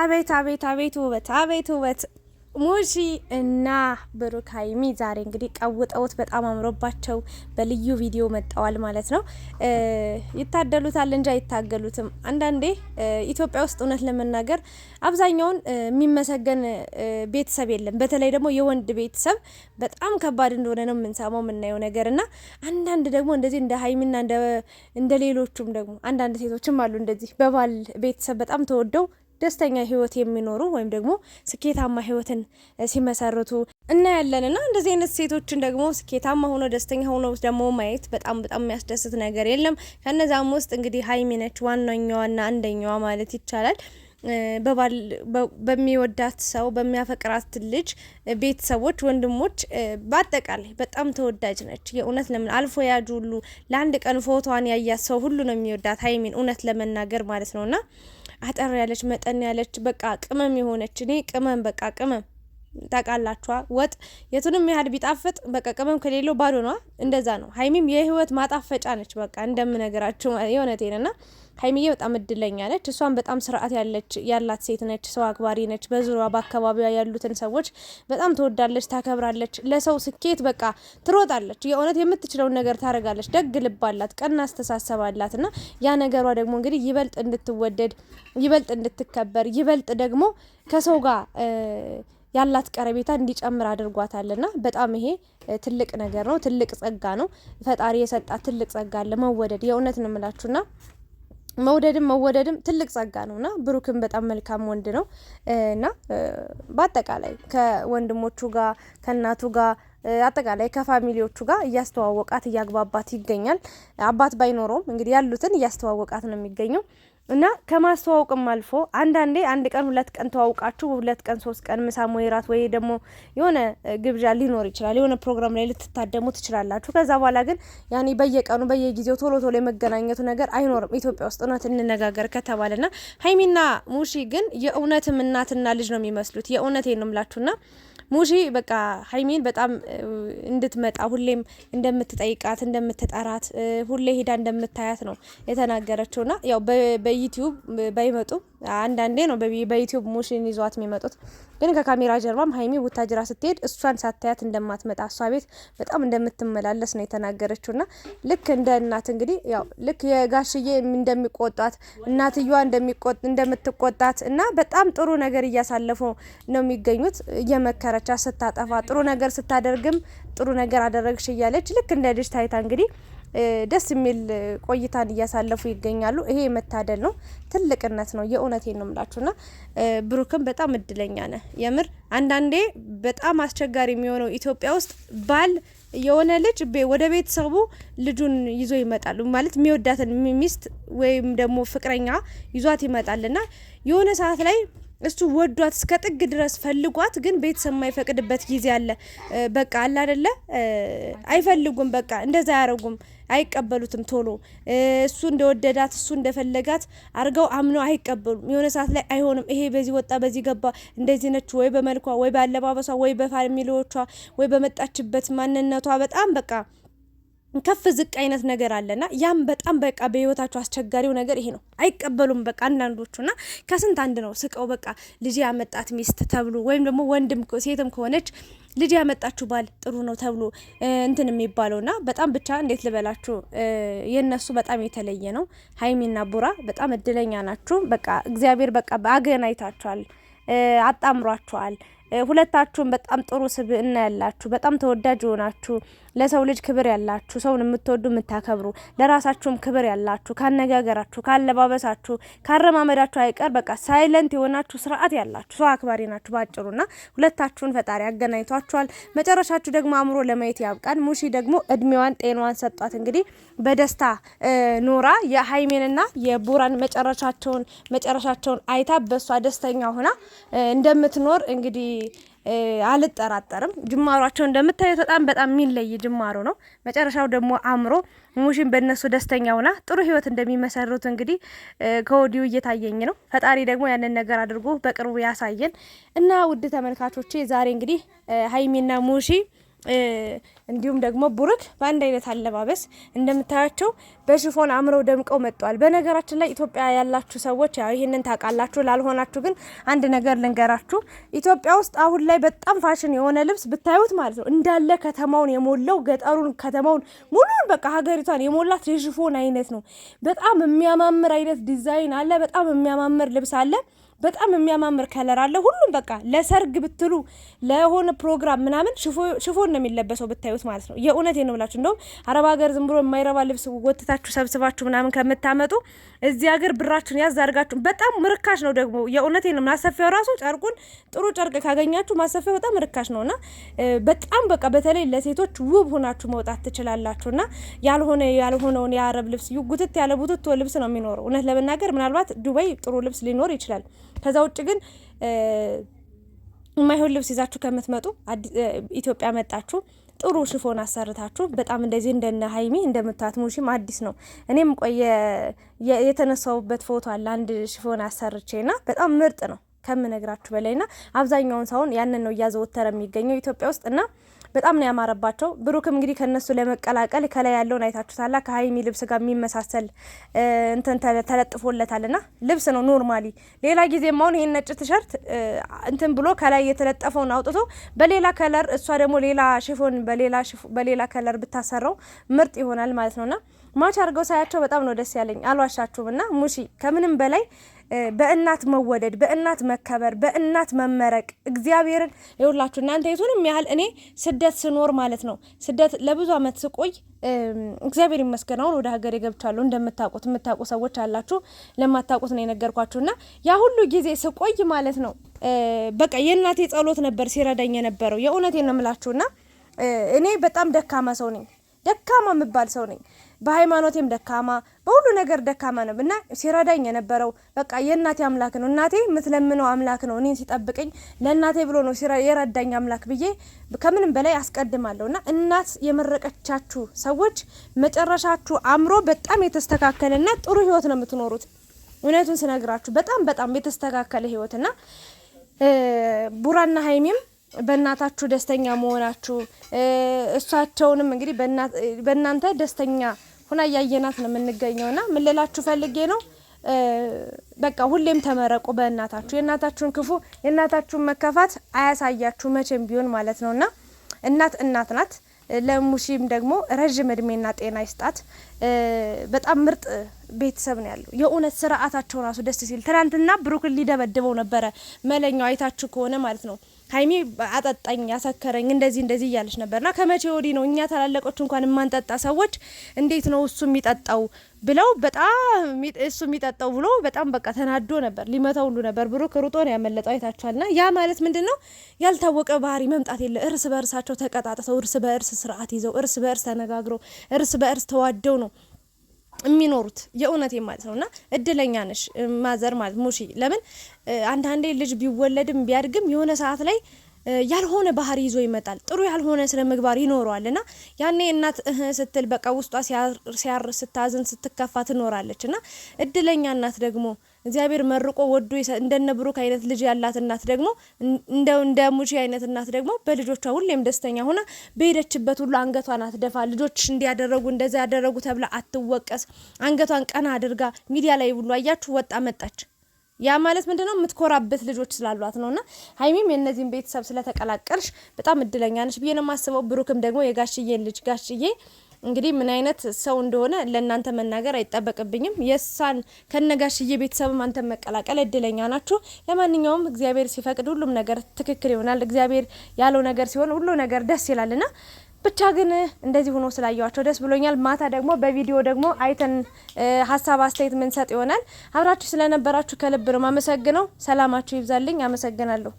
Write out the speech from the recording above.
አቤት አቤት አቤት ውበት አቤት ውበት ሙሺ እና ብሩክ ሀይሚ ዛሬ እንግዲህ ቀውጠውት በጣም አምሮባቸው በልዩ ቪዲዮ መጠዋል ማለት ነው። ይታደሉታል እንጂ አይታገሉትም። አንዳንዴ ኢትዮጵያ ውስጥ እውነት ለመናገር አብዛኛውን የሚመሰገን ቤተሰብ የለም። በተለይ ደግሞ የወንድ ቤተሰብ በጣም ከባድ እንደሆነ ነው የምንሰማው የምናየው ነገር እና አንዳንድ ደግሞ እንደዚህ እንደ ሀይሚና እንደ ሌሎቹም ደግሞ አንዳንድ ሴቶችም አሉ እንደዚህ በባል ቤተሰብ በጣም ተወደው ደስተኛ ህይወት የሚኖሩ ወይም ደግሞ ስኬታማ ህይወትን ሲመሰርቱ እናያለን እና እንደዚህ አይነት ሴቶችን ደግሞ ስኬታማ ሆኖ ደስተኛ ሆኖ ደግሞ ማየት በጣም በጣም የሚያስደስት ነገር የለም። ከነዛም ውስጥ እንግዲህ ሀይሚ ነች ዋናኛዋና አንደኛዋ ማለት ይቻላል። በሚወዳት ሰው በሚያፈቅራት ልጅ ቤተሰቦች፣ ወንድሞች በአጠቃላይ በጣም ተወዳጅ ነች። የእውነት ለምን አልፎ ያጁ ሁሉ ለአንድ ቀን ፎቶዋን ያያት ሰው ሁሉ ነው የሚወዳት ሀይሚን እውነት ለመናገር ማለት ነውና አጠር ያለች መጠን ያለች በቃ ቅመም የሆነች እኔ ቅመም በቃ ቅመም ታውቃላችኋ። ወጥ የቱንም ያህል ቢጣፍጥ በቃ ቅመም ከሌለው ባዶ ነዋ። እንደዛ ነው። ሀይሚም የህይወት ማጣፈጫ ነች። በቃ እንደምነገራችሁ የእውነቴን ና ሀይሚዬ በጣም እድለኛ ነች። እሷን በጣም ስርዓት ያለች ያላት ሴት ነች። ሰው አክባሪ ነች። በዙሪያ በአካባቢዋ ያሉትን ሰዎች በጣም ትወዳለች፣ ታከብራለች። ለሰው ስኬት በቃ ትሮጣለች። የእውነት የምትችለውን ነገር ታደርጋለች። ደግ ልባላት፣ ቀና አስተሳሰብ እና ያ ነገሯ ደግሞ እንግዲህ ይበልጥ እንድትወደድ፣ ይበልጥ እንድትከበር፣ ይበልጥ ደግሞ ከሰው ጋር ያላት ቀረቤታ እንዲጨምር አድርጓታልና በጣም ይሄ ትልቅ ነገር ነው፣ ትልቅ ጸጋ ነው። ፈጣሪ የሰጣት ትልቅ ጸጋ አለ መወደድ። የእውነት ነው የምላችሁና መውደድም መወደድም ትልቅ ጸጋ ነውና ብሩክም በጣም መልካም ወንድ ነው እና በአጠቃላይ ከወንድሞቹ ጋር ከእናቱ ጋር አጠቃላይ ከፋሚሊዎቹ ጋር እያስተዋወቃት እያግባባት ይገኛል። አባት ባይኖረውም እንግዲህ ያሉትን እያስተዋወቃት ነው የሚገኘው። እና ከማስተዋወቅም አልፎ አንዳንዴ አንድ ቀን ሁለት ቀን ተዋውቃችሁ ሁለት ቀን ሶስት ቀን ምሳ ወይ ራት ወይ ደግሞ የሆነ ግብዣ ሊኖር ይችላል። የሆነ ፕሮግራም ላይ ልትታደሙ ትችላላችሁ። ከዛ በኋላ ግን ያኔ በየቀኑ በየጊዜው ቶሎ ቶሎ የመገናኘቱ ነገር አይኖርም። ኢትዮጵያ ውስጥ እውነት እንነጋገር ከተባለ ና ሀይሚና ሙሺ ግን የእውነትም እናትና ልጅ ነው የሚመስሉት። የእውነት ነው ምላችሁና። ሙሺ በቃ ሀይሚን በጣም እንድትመጣ ሁሌም እንደምትጠይቃት እንደምትጠራት፣ ሁሌ ሄዳ እንደምታያት ነው የተናገረችው። ና ያው በዩቲዩብ ባይመጡ አንዳንዴ ነው በዩቲዩብ ሙሺን ይዟት የሚመጡት ግን ከካሜራ ጀርባም ሀይሚ ቡታጅራ ስትሄድ እሷን ሳታያት እንደማትመጣ እሷ ቤት በጣም እንደምትመላለስ ነው የተናገረችው። ና ልክ እንደ እናት እንግዲህ ያው ልክ የጋሽዬ እንደሚቆጣት እናትየዋ እንደምትቆጣት እና በጣም ጥሩ ነገር እያሳለፉ ነው የሚገኙት። እየመከረቻ ስታጠፋ ጥሩ ነገር ስታደርግም ጥሩ ነገር አደረግሽ እያለች ልክ እንደ ልጅ ታይታ እንግዲህ ደስ የሚል ቆይታን እያሳለፉ ይገኛሉ። ይሄ የመታደል ነው፣ ትልቅነት ነው። የእውነቴ ነው የምላችሁና ብሩክም በጣም እድለኛ ነ የምር አንዳንዴ በጣም አስቸጋሪ የሚሆነው ኢትዮጵያ ውስጥ ባል የሆነ ልጅ ወደ ቤተሰቡ ልጁን ይዞ ይመጣል ማለት የሚወዳትን ሚስት ወይም ደግሞ ፍቅረኛ ይዟት ና የሆነ ሰዓት ላይ እሱ ወዷት እስከ ጥግ ድረስ ፈልጓት፣ ግን ቤተሰብ የማይፈቅድበት ጊዜ አለ። በቃ አለ አይደለ? አይፈልጉም። በቃ እንደዛ አያደርጉም። አይቀበሉትም። ቶሎ እሱ እንደወደዳት እሱ እንደፈለጋት አድርገው አምነው አይቀበሉም። የሆነ ሰዓት ላይ አይሆንም፣ ይሄ በዚህ ወጣ በዚህ ገባ፣ እንደዚህ ነች ወይ በመልኳ ወይ በአለባበሷ ወይ በፋሚሊዎቿ ወይ በመጣችበት ማንነቷ በጣም በቃ ከፍ ዝቅ አይነት ነገር አለና ያም በጣም በቃ በህይወታቸው አስቸጋሪው ነገር ይሄ ነው። አይቀበሉም በቃ አንዳንዶቹና ከስንት አንድ ነው ስቀው በቃ ልጅ ያመጣት ሚስት ተብሎ ወይም ደግሞ ወንድም ሴትም ከሆነች ልጅ ያመጣችሁ ባል ጥሩ ነው ተብሎ እንትን ና በጣም ብቻ እንዴት ልበላችሁ የእነሱ በጣም የተለየ ነው። ሀይሚና ቡራ በጣም እድለኛ ናችሁ። በቃ እግዚአብሔር በቃ አገናኝታችኋል፣ አጣምሯችኋል። ሁለታችሁም በጣም ጥሩ ስብዕና ያላችሁ በጣም ተወዳጅ የሆናችሁ ለሰው ልጅ ክብር ያላችሁ ሰውን የምትወዱ የምታከብሩ ለራሳችሁም ክብር ያላችሁ ካነጋገራችሁ፣ ካለባበሳችሁ፣ ካረማመዳችሁ አይቀር በቃ ሳይለንት የሆናችሁ ስርዓት ያላችሁ ሰው አክባሪ ናችሁ ና ሁለታችሁን ፈጣሪ ያገናኝቷችኋል። መጨረሻችሁ ደግሞ አእምሮ ለማየት ያብቃን። ሙሺ ደግሞ እድሜዋን ጤናዋን ሰጧት። እንግዲህ በደስታ ኖራ የሀይሜንና የቡራን መጨረሻቸውን መጨረሻቸውን አይታ በእሷ ደስተኛ ሆና እንደምትኖር እንግዲህ አልጠራጠርም። ጅማሯቸው እንደምታዩት በጣም በጣም የሚለይ ጅማሮ ነው። መጨረሻው ደግሞ አምሮ ሙሽን በእነሱ ደስተኛ ሆና ጥሩ ህይወት እንደሚመሰርቱ እንግዲህ ከወዲሁ እየታየኝ ነው። ፈጣሪ ደግሞ ያንን ነገር አድርጎ በቅርቡ ያሳየን እና ውድ ተመልካቾቼ ዛሬ እንግዲህ ሀይሚና ሙሺ እንዲሁም ደግሞ ቡሩክ በአንድ አይነት አለባበስ እንደምታያቸው በሽፎን አምረው ደምቀው መጥተዋል። በነገራችን ላይ ኢትዮጵያ ያላችሁ ሰዎች ያው ይህንን ታውቃላችሁ። ላልሆናችሁ ግን አንድ ነገር ልንገራችሁ። ኢትዮጵያ ውስጥ አሁን ላይ በጣም ፋሽን የሆነ ልብስ ብታዩት ማለት ነው እንዳለ ከተማውን የሞላው ገጠሩን፣ ከተማውን ሙሉን በቃ ሀገሪቷን የሞላት የሽፎን አይነት ነው። በጣም የሚያማምር አይነት ዲዛይን አለ። በጣም የሚያማምር ልብስ አለ። በጣም የሚያማምር ከለር አለ። ሁሉም በቃ ለሰርግ ብትሉ ለሆነ ፕሮግራም ምናምን ሽፎን ነው የሚለበሰው ብታዩት ማለት ነው። የእውነት ነው ብላችሁ እንደውም አረብ ሀገር ዝም ብሎ የማይረባ ልብስ ወትታችሁ ሰብስባችሁ ምናምን ከምታመጡ እዚህ ሀገር ብራችሁን ያዝ አድርጋችሁ በጣም ምርካሽ ነው ደግሞ የእውነት ነው። ማሰፊያው ራሱ ጨርቁን ጥሩ ጨርቅ ካገኛችሁ ማሰፊያው በጣም ርካሽ ነውና በጣም በቃ በተለይ ለሴቶች ውብ ሆናችሁ መውጣት ትችላላችሁና ያልሆነ ያልሆነውን የአረብ ልብስ ጉትት ያለ ቡትቶ ልብስ ነው የሚኖረው። እውነት ለመናገር ምናልባት ዱባይ ጥሩ ልብስ ሊኖር ይችላል። ከዛ ውጭ ግን የማይሆን ልብስ ይዛችሁ ከምትመጡ ኢትዮጵያ መጣችሁ ጥሩ ሽፎን አሰርታችሁ በጣም እንደዚህ እንደነ ሀይሚ እንደምታት ሙሽም አዲስ ነው። እኔም ቆየ የተነሳውበት ፎቶ አለ አንድ ሽፎን ና በጣም ምርጥ ነው ከምነግራችሁ በላይና አብዛኛውን ሰውን ያንን ነው እያዘወተረ የሚገኘው ኢትዮጵያ ውስጥ እና በጣም ነው ያማረባቸው። ብሩክም እንግዲህ ከነሱ ለመቀላቀል ከላይ ያለውን አይታችሁታላ። ከሀይሚ ልብስ ጋር የሚመሳሰል እንትን ተለጥፎለታል ና ልብስ ነው ኖርማሊ። ሌላ ጊዜ ማሁን ይህን ነጭ ቲሸርት እንትን ብሎ ከላይ የተለጠፈውን አውጥቶ በሌላ ከለር እሷ ደግሞ ሌላ ሽፎን በሌላ ከለር ብታሰራው ምርጥ ይሆናል ማለት ና ማች አድርገው ሳያቸው በጣም ነው ደስ ያለኝ። አልዋሻችሁም። እና ሙሺ ከምንም በላይ በእናት መወደድ፣ በእናት መከበር፣ በእናት መመረቅ እግዚአብሔርን ይውላችሁ እናንተ የቱንም ያህል እኔ ስደት ስኖር ማለት ነው ስደት ለብዙ አመት ስቆይ እግዚአብሔር ይመስገን አሁን ወደ ሀገሬ ገብቻለሁ። እንደምታውቁት የምታውቁ ሰዎች አላችሁ፣ ለማታውቁት ነው የነገርኳችሁና ያ ሁሉ ጊዜ ስቆይ ማለት ነው በቃ የእናቴ ጸሎት ነበር ሲረዳኝ የነበረው የእውነቴን ነው የምላችሁና እኔ በጣም ደካማ ሰው ነኝ። ደካማ የምባል ሰው ነኝ። በሃይማኖቴም ደካማ፣ በሁሉ ነገር ደካማ ነው እና ሲረዳኝ የነበረው በቃ የእናቴ አምላክ ነው። እናቴ የምትለምነው አምላክ ነው። እኔን ሲጠብቅኝ ለእናቴ ብሎ ነው የረዳኝ አምላክ ብዬ ከምንም በላይ አስቀድማለሁ እና እናት የመረቀቻችሁ ሰዎች መጨረሻችሁ አምሮ በጣም የተስተካከለና ጥሩ ህይወት ነው የምትኖሩት። እውነቱን ስነግራችሁ በጣም በጣም የተስተካከለ ህይወትና ቡራና ሀይሚም በእናታችሁ ደስተኛ መሆናችሁ እሷቸውንም እንግዲህ በእናንተ ደስተኛ ሁና እያየናት ነው የምንገኘው። ና ምን ልላችሁ ፈልጌ ነው፣ በቃ ሁሌም ተመረቁ በእናታችሁ። የእናታችሁን ክፉ የእናታችሁን መከፋት አያሳያችሁ መቼም ቢሆን ማለት ነው። ና እናት እናት ናት። ለሙሺም ደግሞ ረዥም እድሜና ጤና ይስጣት። በጣም ምርጥ ቤተሰብ ነው ያለው። የእውነት ስርዓታቸው ራሱ ደስ ሲል። ትናንትና ብሩክን ሊደበድበው ነበረ መለኛው፣ አይታችሁ ከሆነ ማለት ነው ሀይሚ አጠጣኝ፣ ያሰከረኝ እንደዚህ እንደዚህ እያለች ነበርና ከመቼ ወዲህ ነው እኛ ታላለቆች እንኳን የማንጠጣ ሰዎች እንዴት ነው እሱ የሚጠጣው ብለው በጣም እሱ የሚጠጣው ብሎ በጣም በቃ ተናዶ ነበር። ሊመታው ሁሉ ነበር ብሮ ክሩጦ ነው ያመለጠው አይታችኋልና፣ ያ ማለት ምንድን ነው ያልታወቀ ባህሪ መምጣት የለ እርስ በእርሳቸው ተቀጣጥተው እርስ በእርስ ስርዓት ይዘው እርስ በእርስ ተነጋግረው እርስ በእርስ ተዋደው ነው የሚኖሩት የእውነቴን ማለት ነው። እና እድለኛ ነሽ ማዘር ማለት ሙሺ። ለምን አንዳንዴ ልጅ ቢወለድም ቢያድግም የሆነ ሰዓት ላይ ያልሆነ ባህሪ ይዞ ይመጣል። ጥሩ ያልሆነ ስነ ምግባር ይኖረዋል እና ያኔ እናት እህ ስትል በቃ ውስጧ ሲያር ስታዝን፣ ስትከፋ ትኖራለች እና እድለኛ እናት ደግሞ እግዚአብሔር መርቆ ወዶ እንደነ ብሩክ አይነት ልጅ ያላት እናት ደግሞ እንደ እንደ አይነት እናት ደግሞ በልጆቿ ሁሌም ደስተኛ ሆና በሄደችበት ሁሉ አንገቷን አትደፋ፣ ልጆች እንዲያደረጉ እንደዛ ያደረጉ ተብላ አትወቀስ፣ አንገቷን ቀና አድርጋ ሚዲያ ላይ ብሎ አያችሁ ወጣ መጣች ያ ማለት ምንድነው? የምትኮራበት ልጆች ስላሏት ነውና ሀይሚም የእነዚህን ቤተሰብ ስለተቀላቀልሽ በጣም እድለኛ ነሽ ብዬ ነው የማስበው። ብሩክም ደግሞ የጋሽዬን ልጅ ጋሽዬ እንግዲህ ምን አይነት ሰው እንደሆነ ለእናንተ መናገር አይጠበቅብኝም። የሳን ከነጋሽዬ ቤተሰብም አንተ መቀላቀል እድለኛ ናችሁ። ለማንኛውም እግዚአብሔር ሲፈቅድ ሁሉም ነገር ትክክል ይሆናል። እግዚአብሔር ያለው ነገር ሲሆን ሁሉ ነገር ደስ ይላልና ብቻ ግን እንደዚህ ሆኖ ስላየዋቸው ደስ ብሎኛል። ማታ ደግሞ በቪዲዮ ደግሞ አይተን ሀሳብ አስተያየት ምንሰጥ ይሆናል። አብራችሁ ስለነበራችሁ ከልብ ነው ማመሰግነው ሰላማችሁ ይብዛልኝ። አመሰግናለሁ።